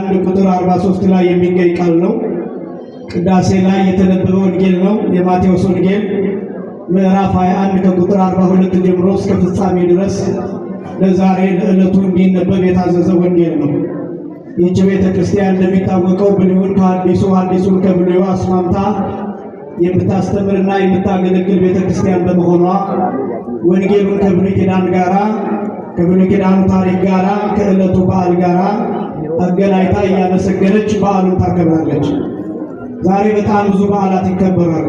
አንድ ቁጥር 43 ላይ የሚገኝ ቃል ነው። ቅዳሴ ላይ የተነበበ ወንጌል ነው። የማቴዎስ ወንጌል ምዕራፍ 21 ከቁጥር 42 ጀምሮ እስከ ፍጻሜ ድረስ ለዛሬ ለዕለቱ እንዲነበብ የታዘዘ ወንጌል ነው። ይህች ቤተ ክርስቲያን እንደሚታወቀው ብሉይን ከአዲሱ አዲሱን ከብሉዩ አስማምታ የምታስተምርና የምታገለግል ቤተ ክርስቲያን በመሆኗ ወንጌሉን ከብሉይ ኪዳን ጋራ ከብሉይ ኪዳኑ ታሪክ ጋራ ከዕለቱ በዓል ጋራ ተገናኝታ እያመሰገነች በዓሉን ታከብራለች። ዛሬ በጣም ብዙ በዓላት ይከበራሉ።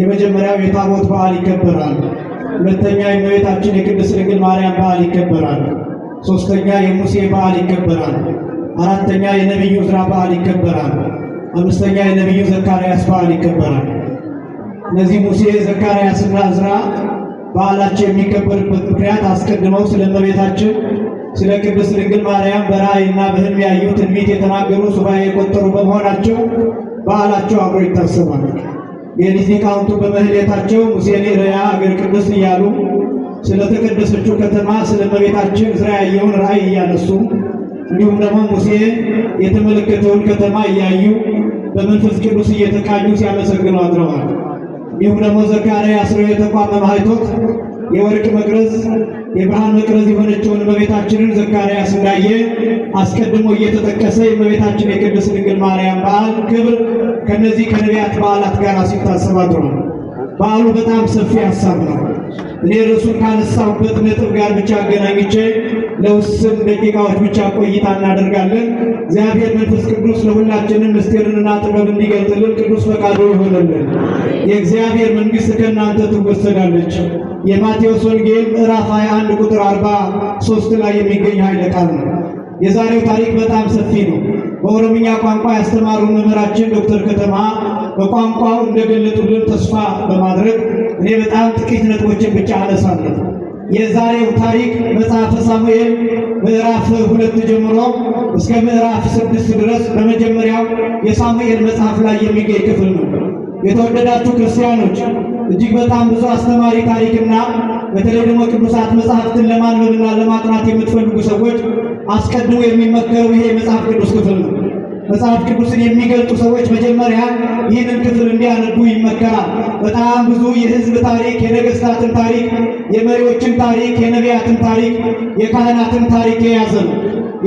የመጀመሪያው የታቦት በዓል ይከበራል። ሁለተኛ የእመቤታችን የቅድስት ድንግል ማርያም በዓል ይከበራል። ሦስተኛ የሙሴ በዓል ይከበራል። አራተኛ የነቢዩ ዕዝራ በዓል ይከበራል። አምስተኛ የነቢዩ ዘካርያስ በዓል ይከበራል። እነዚህ ሙሴ ዘካርያስና ዕዝራ በዓላቸው የሚከበርበት ምክንያት አስቀድመው ስለ እመቤታችን ስለ ቅድስት ድንግል ማርያም እና በሕልም ያዩ ትንቢት የተናገሩ ሱባኤ የቆጠሩ በመሆናቸው በዓላቸው አብሮ ይታሰባል። የሊቀ ካውንቱ በመህሌታቸው ሙሴን ረያ አገር ቅዱስ እያሉ ስለ ተቀደሰችው ከተማ ስለ እመቤታችን ዕዝራ ያየውን ራእይ እያነሱ እንዲሁም ደግሞ ሙሴ የተመለከተውን ከተማ እያዩ በመንፈስ ቅዱስ እየተቃኙ ሲያመሰግኑ አድረዋል። እንዲሁም ደግሞ ዘካርያስ የተቋመ ማኅቶት የወርቅ መቅረዝ የብርሃን መቅረዝ የሆነችውን እመቤታችንን ዘካርያስ እንዳየ አስቀድሞ እየተጠቀሰ የእመቤታችን የቅድስት ድንግል ማርያም በዓል ክብር ከነዚህ ከነቢያት በዓላት ጋር ሲታሰባቱ ነው። በዓሉ በጣም ሰፊ ሀሳብ ነው። እኔ ርዕሱን ካነሳሁበት ነጥብ ጋር ብቻ አገናኝቼ ለውስን ደቂቃዎች ብቻ ቆይታ እናደርጋለን። እግዚአብሔር መንፈስ ቅዱስ ለሁላችንም ምስጢርንና ጥበብ እንዲገልጥልን ቅዱስ ፈቃዱ ይሆንልን። የእግዚአብሔር መንግሥት ከእናንተ ትወሰዳለች። የማቴዎስ ወንጌል ምዕራፍ 21 ቁጥር 43 ላይ የሚገኝ ኃይለ ቃል ነው። የዛሬው ታሪክ በጣም ሰፊ ነው። በኦሮምኛ ቋንቋ ያስተማሩን መምህራችን ዶክተር ከተማ በቋንቋው እንደገለጡልን ተስፋ በማድረግ እኔ በጣም ጥቂት ነጥቦችን ብቻ አነሳለሁ። የዛሬው ታሪክ መጽሐፈ ሳሙኤል ምዕራፍ ሁለት ጀምሮ እስከ ምዕራፍ ስድስት ድረስ በመጀመሪያው የሳሙኤል መጽሐፍ ላይ የሚገኝ ክፍል ነው። የተወደዳችሁ ክርስቲያኖች እጅግ በጣም ብዙ አስተማሪ ታሪክና በተለይ ደግሞ ቅዱሳት መጽሐፍትን ለማንበብና ለማጥናት የምትፈልጉ ሰዎች አስቀድሞ የሚመከሩ ይሄ የመጽሐፍ ቅዱስ ክፍል ነው። መጽሐፍ ቅዱስን የሚገልጡ ሰዎች መጀመሪያ ይህንን ክፍል እንዲያነቡ ይመከራል። በጣም ብዙ የህዝብ ታሪክ፣ የነገስታትን ታሪክ፣ የመሪዎችን ታሪክ፣ የነቢያትን ታሪክ፣ የካህናትን ታሪክ የያዘ ነው።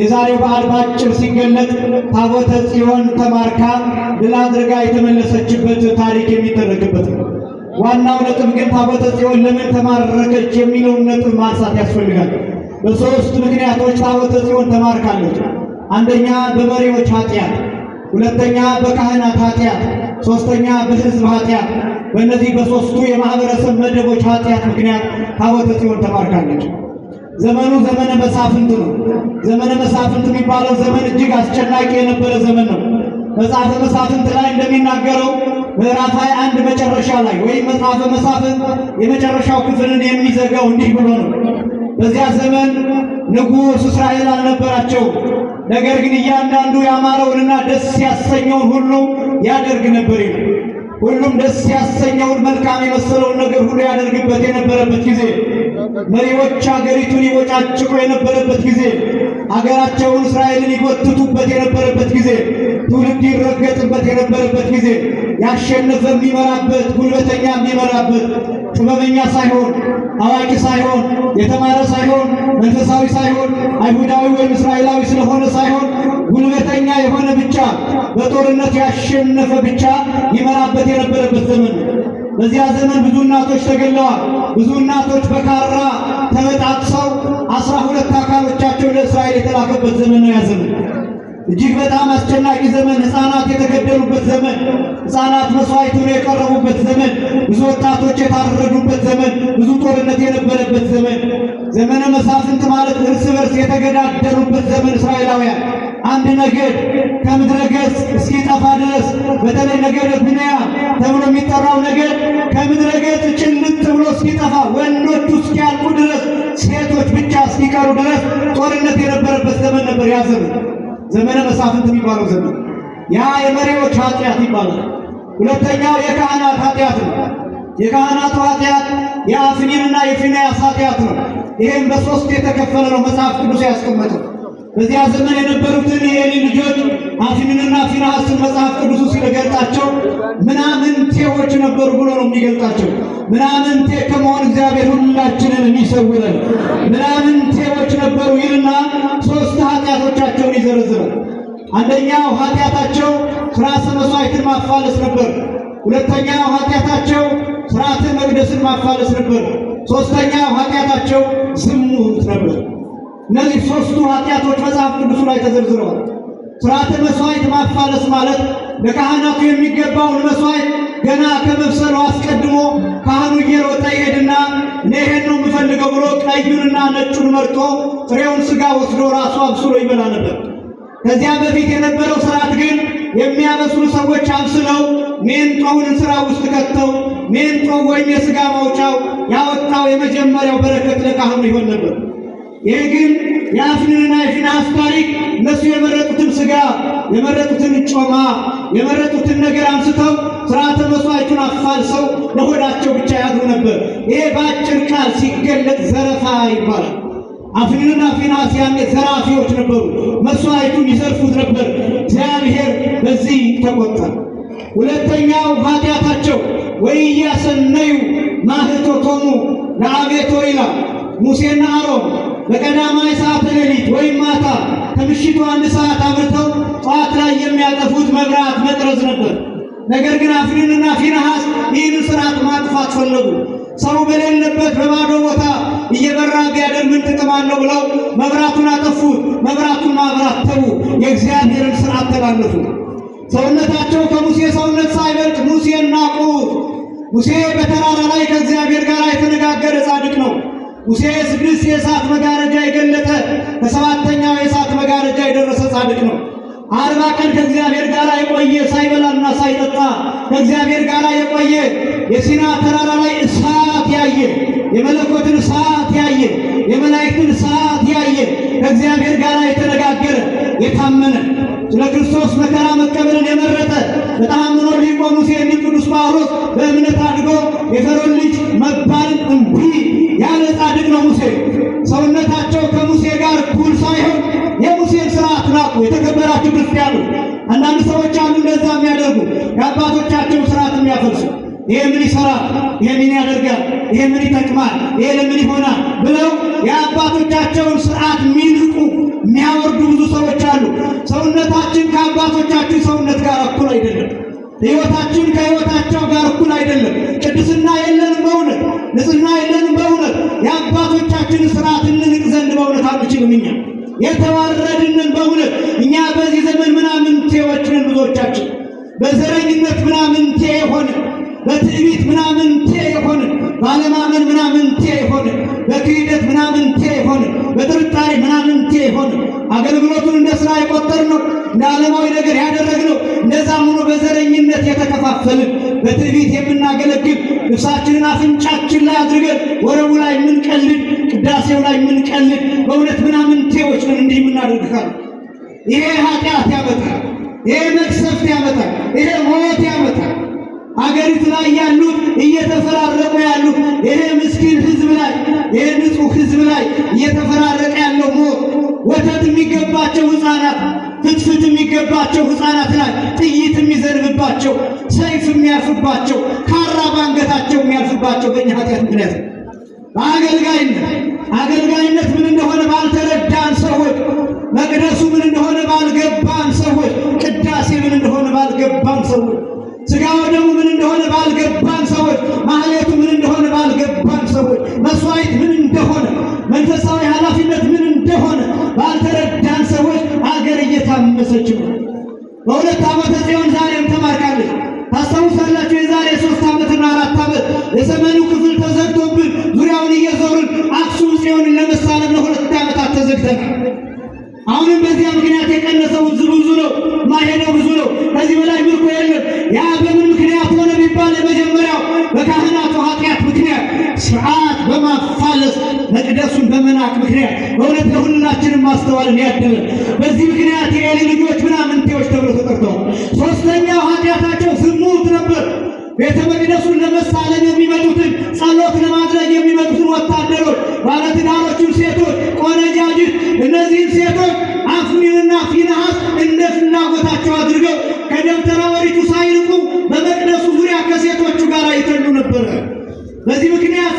የዛሬው በዓል በአጭር ሲገለጥ ታቦተ ጽዮን ተማርካ ድል አድርጋ የተመለሰችበት ታሪክ የሚደረግበት ነው። ዋናው ነጥብ ግን ታቦተ ጽዮን ለምን ተማረከች የሚለውን ነጥብ ማንሳት ያስፈልጋል። በሦስት ምክንያቶች ታቦተ ጽዮን ተማርካለች። አንደኛ በመሪዎች ኃጢአት፣ ሁለተኛ በካህናት ኃጢአት፣ ሶስተኛ በህዝብ ኃጢአት። በእነዚህ በሶስቱ የማህበረሰብ መደቦች ኃጢአት ምክንያት ታቦተ ጽዮን ተማርካለች። ዘመኑ ዘመነ መሳፍንት ነው። ዘመነ መሳፍንት የሚባለው ዘመን እጅግ አስጨናቂ የነበረ ዘመን ነው። መጽሐፈ መሳፍንት ላይ እንደሚናገረው ምዕራፍ ሃያ አንድ መጨረሻ ላይ ወይም መጽሐፈ መሳፍንት የመጨረሻው ክፍልን የሚዘጋው እንዲህ ብሎ ነው። በዚያ ዘመን ንጉሥ እስራኤል አልነበራቸው ነገር ግን እያንዳንዱ ያማረውንና ደስ ያሰኘውን ሁሉ ያደርግ ነበር ይላል። ሁሉም ደስ ያሰኘውን መልካም የመሰለውን ነገር ሁሉ ያደርግበት የነበረበት ጊዜ፣ መሪዎች አገሪቱን ይቦጫጭቁ የነበረበት ጊዜ፣ አገራቸውን እስራኤልን ይጎትቱበት የነበረበት ጊዜ፣ ትውልድ ይረገጥበት የነበረበት ጊዜ፣ ያሸነፈ የሚመራበት፣ ጉልበተኛ የሚመራበት ጥበበኛ ሳይሆን አዋቂ ሳይሆን የተማረ ሳይሆን መንፈሳዊ ሳይሆን አይሁዳዊ ወይም እስራኤላዊ ስለሆነ ሳይሆን ጉልበተኛ የሆነ ብቻ በጦርነት ያሸነፈ ብቻ ይመራበት የነበረበት ዘመን ነው። በዚያ ዘመን ብዙ እናቶች ተገለዋል። ብዙ እናቶች በካራ ተበጣጥሰው አስራ ሁለት አካሎቻቸው ለእስራኤል የተላከበት ዘመን ነው ያዘመን እጅግ በጣም አስጨናቂ ዘመን፣ ህፃናት የተገደሉበት ዘመን፣ ህፃናት መስዋዕት ሆነው የቀረቡበት ዘመን፣ ብዙ ወጣቶች የታረዱበት ዘመን፣ ብዙ ጦርነት የነበረበት ዘመን፣ ዘመነ መሳፍንት ማለት እርስ በርስ የተገዳደሉበት ዘመን እስራኤላውያን አንድ ነገድ ከምድረ ገጽ እስኪጠፋ ድረስ በተለይ ነገደ ብንያም ተብሎ የሚጠራው ነገድ ከምድረ ገጽ ጭልጥ ብሎ እስኪጠፋ ወንዶቹ እስኪያልቁ ድረስ ሴቶች ብቻ እስኪቀሩ ድረስ ጦርነት የነበረበት ዘመን ነበር ያ ዘመን። ዘመነ መሳፍንት የሚባለው ዘመን ያ የመሪዎች ኃጢአት ይባላል። ሁለተኛው የካህናት ኃጢአት ነው። የካህናቱ ኃጢአት የአፍኒንና የፊንያስ ኃጢአት ነው። ይህም በሶስት የተከፈለ ነው መጽሐፍ ቅዱስ ያስቀመጠው በዚያ ዘመን የነበሩትን የኤሊ ልጆች አፊምንና ፊንሐስን መጽሐፍ ቅዱስ ሲገልጣቸው ምናምንቴዎች ነበሩ ብሎ ነው የሚገልጣቸው። ምናምንቴ ከመሆን እግዚአብሔር ሁላችንን ይሰውረን። ምናምንቴዎች ነበሩ ይልና ሶስት ኃጢአቶቻቸውን ይዘረዝራል። አንደኛው ኃጢአታቸው ሥርዓተ መሥዋዕትን ማፋለስ ነበር። ሁለተኛው ኃጢአታቸው ሥርዓተ መቅደስን ማፋለስ ነበር። ሶስተኛው ኃጢአታቸው ዝሙት ነበር። እነዚህ ሶስቱ ኃጢአቶች መጽሐፍ ቅዱሱ ላይ ተዘርዝረዋል። ስርዓተ መስዋዕት ማፋለስ ማለት ለካህናቱ የሚገባውን መስዋዕት ገና ከመብሰሉ አስቀድሞ ካህኑ እየሮጠ ይሄድና እኔ ይሄን ነው የምፈልገው ብሎ ቀዩንና ነጩን መርጦ ጥሬውን ስጋ ወስዶ ራሱ አብስሎ ይበላ ነበር። ከዚያ በፊት የነበረው ስርዓት ግን የሚያበስሉ ሰዎች አብስለው ሜንጦውን እንስራ ውስጥ ከተው ሜንጦ ወይም የስጋ ማውጫው ያወጣው የመጀመሪያው በረከት ለካህኑ ይሆን ነበር። ይህ ግን የአፍንንና የፊን አፍ ታሪክ እነሱ የመረጡትን ስጋ፣ የመረጡትን ጮማ የመረጡትን ነገር አንስተው ሥርዓተ መሥዋዕቱን አፋልሰው ለሆዳቸው ብቻ ያድሩ ነበር። ይሄ በአጭር ቃል ሲገለጥ ዘረፋ ይባላል። አፍንንና ፊናስ ያኔ ዘራፊዎች ነበሩ። መሥዋዕቱን ይዘርፉት ነበር። እግዚአብሔር በዚህ ተቆጣ። ሁለተኛው ኃጢአታቸው ወኢያሰነዩ ማኅቶቶሙ ለአቤቶ ይላል ሙሴና አሮን በቀዳማዊ ሰዓት ሌሊት ወይም ማታ ከምሽቱ አንድ ሰዓት አብርተው ጠዋት ላይ የሚያጠፉት መብራት መቅረዝ ነበር። ነገር ግን አፍሪንና ፊንሐስ ይህንን ስርዓት ማጥፋት ፈለጉ። ሰው በሌለበት በባዶ ቦታ እየበራ ቢያደር ምን ጥቅም አለው ብለው መብራቱን አጠፉት። መብራቱን ማብራት ተዉ፣ የእግዚአብሔርን ስርዓት ተላለፉ። ሰውነታቸው ከሙሴ ሰውነት ሳይበልጥ ሙሴን ናቁት። ሙሴ በተራራ ላይ ከእግዚአብሔር ጋር የተነጋገረ ጻድቅ ነው። ሙሴ ስድስት የእሳት መጋረጃ የገለጠ በሰባተኛው የእሳት መጋረጃ የደረሰ ጻድቅ ነው። አርባ ቀን ከእግዚአብሔር ጋር የቆየ ሳይበላና ሳይጠጣ ከእግዚአብሔር ጋር የቆየ የሲና ተራራ ላይ እሳት ያየ የመለኮትን እሳት ያየ የመላእክትን እሳት ያየ ከእግዚአብሔር ጋር የተነጋገረ የታመነ ስለ ክርስቶስ መከራ መቀበልን የመረጠ ተጣምኖ ሊቀ ሙሴ የሚል ቅዱስ ጳውሎስ በእምነት አድጎ የፈርዖን ልጅ መባልን እምቢ ያለ ጻድቅ ነው ሙሴ። ሰውነታቸው ከሙሴ ጋር እኩል ሳይሆን የሙሴን ስርዓት ናቁ። የተከበራችሁ ክርስቲያኑ፣ አንዳንድ ሰዎች አሉ እንደዛ የሚያደርጉ የአባቶቻቸው ሥርዓት የሚያፈልሱ ይሄ ምን ይሰራል? ይሄ ምን ያደርጋል? ይሄ ምን ይጠቅማል? ይሄ ለምን ይሆናል? ብለው የአባቶቻቸውን ስርዓት የሚንቁ የሚያወርዱ ብዙ ሰዎች አሉ። ሰውነታችን ከአባቶቻችን ሰውነት ጋር እኩል አይደለም። ሕይወታችን ከህይወታቸው ጋር እኩል አይደለም። ቅድስና የለንም በእውነት ንጽህና የለንም በእውነት የአባቶቻችንን ስርዓት እንንቅ ዘንድ በእውነት አንችልም። እኛ የተዋረድንን በእውነት እኛ በዚህ ዘመን ምናምንቴዎች ነን ብዙዎቻችን በዘረኝነት ምናምንቴ ሆነ በትዕቢት ምናምን ቴ የሆንን ባለማመን ምናምን ቴ የሆንን በክህደት ምናምን ቴ በጥርጣሬ ምናምን ቴ አገልግሎቱን እንደ ስራ የቆጠርነው እንደ ዓለማዊ ነገር ያደረግነው እንደዛ ሆኖ በዘረኝነት የተከፋፈልን በትዕቢት የምናገለግል ልብሳችንን አፍንጫችን ላይ አድርገን ወረቡ ላይ የምንቀልድ ቅዳሴው ላይ የምንቀልድ በእውነት ምናምን ቴዎች ነን። እንዲህ የምናደርግካል። ይሄ ኃጢአት ያመጣል። ይሄ መቅሰፍት ያመጣል። ይሄ ሞት ያመጣል። አገሪቱ ላይ ያሉት እየተፈራረቁ ያሉት ይሄ ምስኪን ህዝብ ላይ ይሄ ንጹህ ህዝብ ላይ እየተፈራረቀ ያለው ሞት፣ ወተት የሚገባቸው ህፃናት፣ ፍትፍት የሚገባቸው ህፃናት ላይ ጥይት የሚዘንብባቸው፣ ሰይፍ የሚያርፍባቸው፣ ካራ ባንገታቸው የሚያርፍባቸው በእኛ ኃጢአት ምክንያት በአገልጋይነት አገልጋይነት ምን እንደሆነ ባልተረዳን ሰዎች መቅደሱ ምን እንደሆነ ባልገባን ሰዎች ቅዳሴ ምን እንደሆነ ባልገባን ሰዎች ስጋው ደግሞ ምን እንደሆነ ባልገባን ሰዎች፣ ማህሌቱ ምን እንደሆነ ባልገባን ሰዎች፣ መስዋዕት ምን እንደሆነ መንፈሳዊ ኃላፊነት ምን እንደሆነ ባልተረዳን ሰዎች አገር እየታመሰች ነው። በሁለት ዓመተ ጽዮን ዛሬም ተማርካለች። ታስታውሳላችሁ? የዛሬ ሶስት ዓመትና አራት ዓመት የሰሜኑ ክፍል ተዘግቶብን ዙሪያውን እየዞርን አክሱም ጽዮንን ለመሳለም ለሁለት ዓመታት ተዘግተናል። ማስተዋል ያደለ በዚህ ምክንያት የኤሊ ልጆች ምናምንቴዎች ተብሎ ተጠርተው፣ ሶስተኛው ኃጢአታቸው ዝሙት ነበር። ቤተ መቅደሱን ለመሳለም የሚመጡትን ጸሎት ለማድረግ የሚመጡትን ወታደሮች፣ ባለትዳሮችን ሴቶች፣ ቆነጃጅት እነዚህን ሴቶች አፍኒንና ፊንሐስ እንደ ፍላጎታቸው አድርገው ከደብተራ ወሪቱ ሳይርቁ በመቅደሱ ዙሪያ ከሴቶቹ ጋር ይተኙ ነበረ። በዚህ ምክንያት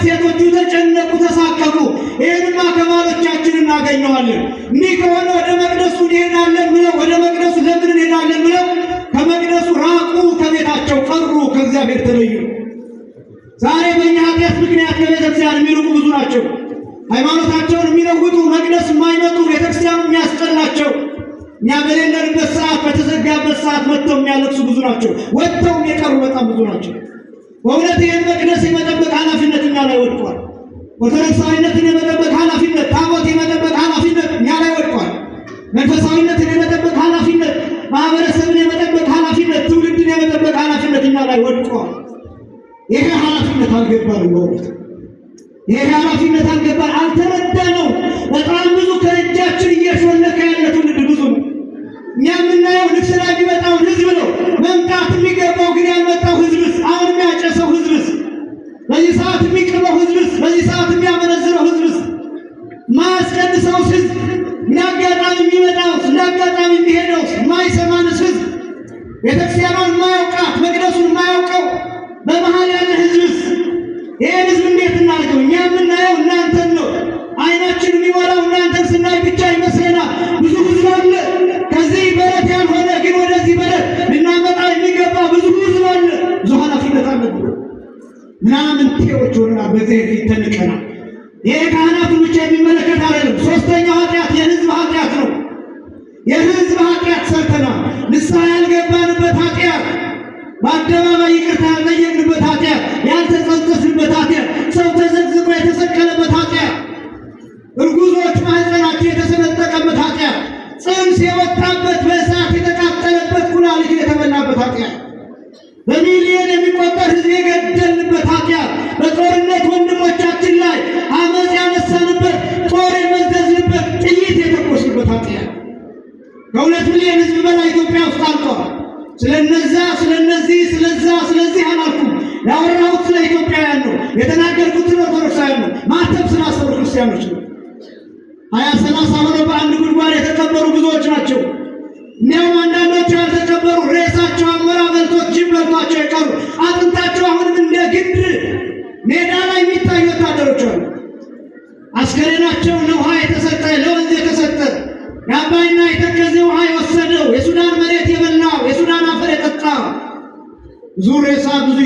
ይህንማ ከማሎቻችን እናገኘዋለን። እኒህ ከሆነ ወደ መቅደሱ እንሄዳለን ብለው ወደ መቅደሱ ለምን እንሄዳለን ብለው ከመቅደሱ ራቁ፣ ከቤታቸው ቀሩ፣ ከእግዚአብሔር ተለዩ። ዛሬ በእኛ ኃጢአት ምክንያት ከቤተክርስቲያን የሚርቁ ብዙ ናቸው። ሃይማኖታቸውን የሚለውጡ መቅደስ የማይመጡ ቤተክርስቲያን የሚያስጠላቸው እኛ በሌለንበት ሰዓት በተዘጋበት ሰዓት መጥተው የሚያለቅሱ ብዙ ናቸው። ወጥተውም የቀሩ በጣም ብዙ ናቸው። በእውነት ይህን መቅደስ የመጠበቅ ኃላፊነት እኛ ላይ ወድቋል። ኦርቶዶክሳዊነትን የመጠበቅ ኃላፊነት፣ ታቦት የመጠበቅ ኃላፊነት እኛ ላይ ወድቋል። መንፈሳዊነትን የመጠበቅ ኃላፊነት፣ ማህበረሰብን የመጠበቅ ኃላፊነት፣ ትውልድን የመጠበቅ ኃላፊነት እኛ ላይ ወድቋል። ይህ ኃላፊነት አልገባል በእውነት ይሄ ኃላፊነት አልገባል። አልተረዳ ነው። በጣም ብዙ ከእጃችን እየሾለከ ያለ ትውልድ ብዙ ነው። እኛ የምናየው ልብስ ላይ የሚመጣው ህዝብ ነው። መምጣት የሚገባው ግን ያልመጣው ህዝብስ? አሁን የሚያጨሰው ህዝብስ? በዚህ ሰዓት የሚቀረው ህዝብስ፣ በዚህ ሰዓት የሚያመነዝረው ህዝብስ፣ ማያስቀንሰውስ ህዝብ እንዳጋጣሚ የሚመጣ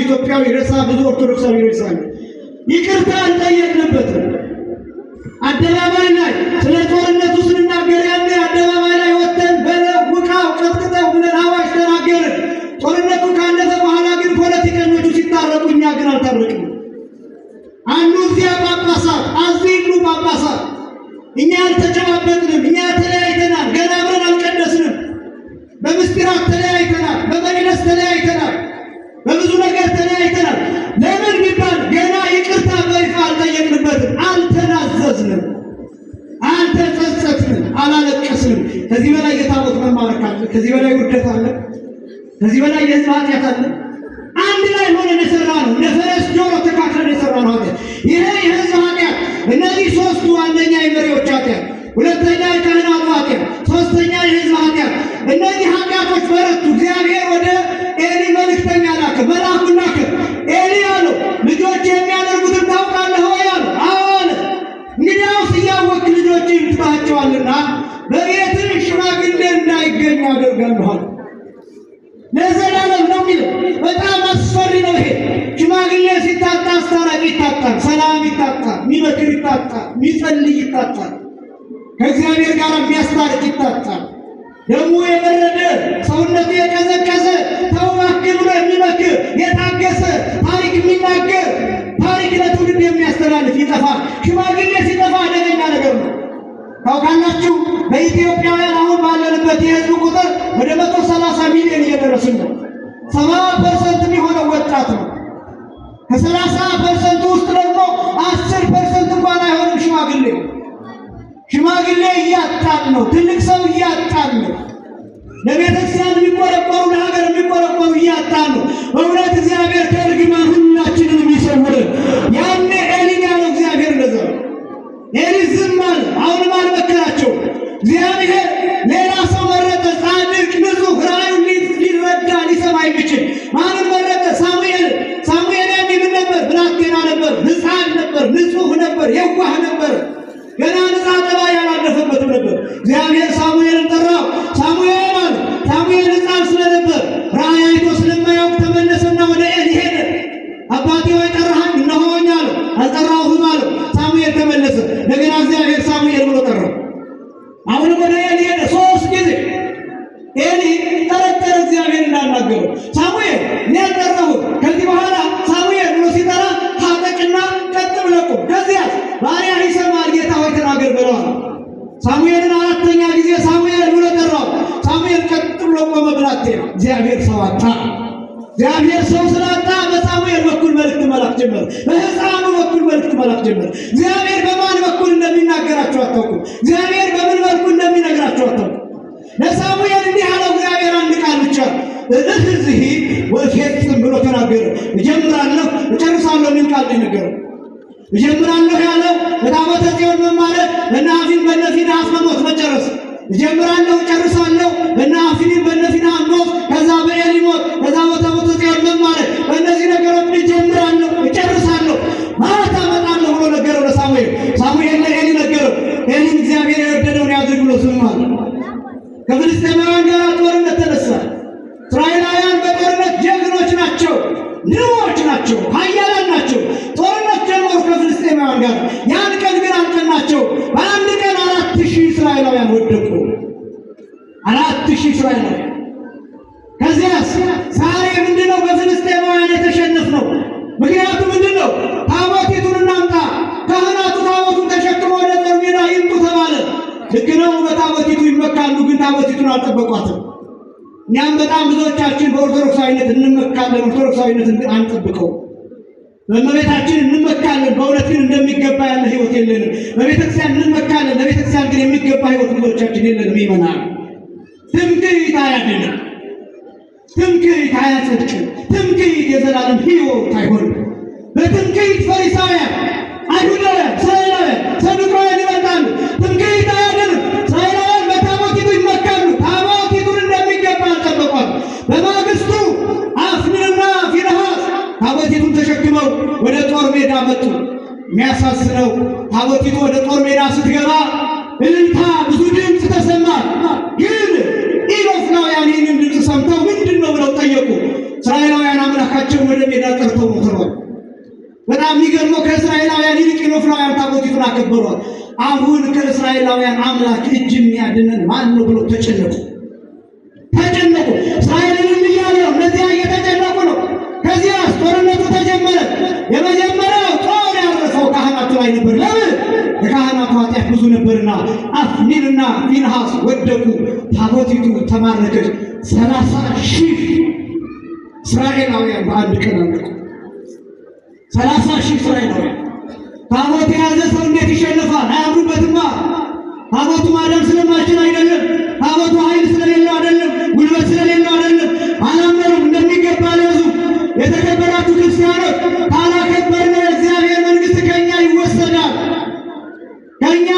ኢትዮጵያዊ ረሳ፣ ብዙ ኦርቶዶክሳዊ ይረሳል። ይቅርታ አልጠየቅንበትም። አደባባይ ላይ ስለ ጦርነቱ ስንናገር ያለ አደባባይ ላይ ወተን በለውቃው ቀጥቅጠው ብለን አዋሽ ተናገር። ጦርነቱ ካለፈ በኋላ ግን ፖለቲከኞቹ ሲታረቁ እኛ ግን አልታረቅም። አንዱ እዚያ ጳጳሳት አዚሉ ጳጳሳት እኛ አልተጨባበጥንም። እኛ ተለያይተናል። ገና አብረን አልቀደስንም። በምስጢራት ተለያይተናል። በመቅደስ ተለያይተናል። በብዙ ነገር ተለያይተናል። ለምን ቢባል ገና ይቅርታ በይፋ አልጠየቅንበትም፣ አልተናዘዝንም፣ አልተጸጸትንም፣ አላለቀስንም። ከዚህ በላይ የታቦት መማረክ አለ፣ ከዚህ በላይ ውርደት አለ፣ ከዚህ በላይ የህዝብ ኃጢአት አለ። አንድ ላይ ሆነን የሰራ ነው፣ ለፈረስ ጆሮ ተካክለን የሰራ ነው ኃጢአት። ይሄ የህዝብ ኃጢአት፣ እነዚህ ሶስቱ አንደኛ የመሪዎች ኃጢአት፣ ሁለተኛ የካህናቱ ኃጢአት ይታጣል፣ የሚፈልግ ይታጣል፣ ከእግዚአብሔር ጋር የሚያስታርቅ ይታጣል። ደግሞ የበረደ ሰውነቱ የቀዘቀዘ ተውባክህ ብሎ የሚመክር የታገሰ ታሪክ የሚናገር ታሪክ ለትውልድ የሚያስተላልፍ ይጠፋ። ሽማግሌ ሲጠፋ አደገኛ ነገር ነው። ታውቃላችሁ በኢትዮጵያውያን አሁን ባለንበት የህዝብ ቁጥር ወደ መቶ ሰላሳ ሚሊዮን እየደረስን ነው። ሰባ ፐርሰንት የሚሆነው ወጣት ነው። ከሰላሳ ፐርሰንት ውስጥ ደግሞ አስር ፐርሰንት እንኳን አይሆንም። ሽማግሌ ሽማግሌ እያጣን ነው። ትልቅ ሰው እያጣን ነው። ለቤተክርስቲያን የሚቆረቆሩ ለሀገር የሚቆረቆሩ እያጣን ነው። እውነት እግዚአብሔር ከእርግማን ሁላችንን የሚሰውርን። ያኔ ኤሊን ያለው እግዚአብሔር እንደዛ ኤሊ ዝም አለ። አሁንም አልመከራቸው እግዚአብሔር ሌላ ሰው መረጠ። ጻድቅ፣ ንጹህ፣ ራእዩን ሊረዳ ሊሰማ የሚችል ማንም ንጹህ ነበር፣ የዋህ ነበር። ገና ነፃ ጠባይ ያላለፈበትም ነበር። እግዚአብሔር ሳሙኤል ጀምራለሁ፣ ጨርሳለሁ እና ፊሊም በነፊና ፊናኖስ ከዛ ታቦቲቱን አልጠበቋትም። እኛም በጣም ብዙዎቻችን በኦርቶዶክሳዊነት እንመካለን፣ ኦርቶዶክሳዊነትን ግን አንጠብቀው። በእመቤታችን እንመካለን፣ በእውነት ግን እንደሚገባ ያለ ህይወት የለንም። በቤተክርስቲያን እንመካለን፣ ለቤተክርስቲያን ግን የሚገባ ህይወት ብዙዎቻችን የለንም። ይመናል ትምክህት አያድንም። ትምክህት አያጸድቅም። ትምክህት የዘላለም ህይወት አይሆንም። በትምክህት ፈሪሳውያን፣ አይሁዳውያን፣ ሰላውያን፣ ሰዱቃውያን ይመጣሉ። ትምክህት የሚያሳስረው ታቦቲቱ ወደ ጦር ሜዳ ስትገባ እልልታ፣ ብዙ ድምፅ ተሰማ። ግን ኢሮፍናውያን ይህንን ድምፅ ሰምተው ምንድን ነው ብለው ጠየቁ። እስራኤላውያን አምላካቸውን ወደ ሜዳ ጠርተው ሞክረዋል። በጣም የሚገርመው ከእስራኤላውያን ይልቅ ኢሮፍናውያን ታቦቲቱን አከበሯል። አሁን ከእስራኤላውያን አምላክ እጅ የሚያድነን ማን ነው ብሎ ተጨነቁ ተጨነቁ። አፍኒርና ፊንሃስ ወደቁ፣ ታቦቲቱ ተማረከች። ሰላሳ ሺህ እስራኤላውያን በአንድ ቀን አለቁ። ሰላሳ ሺህ እስራኤላውያን ታቦት የያዘ ሰው እንዴት ይሸንፋል? አያምሩበትማ። ታቦቱ ማደም ስለማችን አይደለም። ታቦቱ ኃይል ስለሌለው አይደለም። ጉልበት ስለሌለው አይደለም። አላመኑም እንደሚገባ ለዙ የተከበራችሁ ክርስቲያኖች ካላከበርነ እግዚአብሔር መንግስት ከኛ ይወሰዳል ከኛ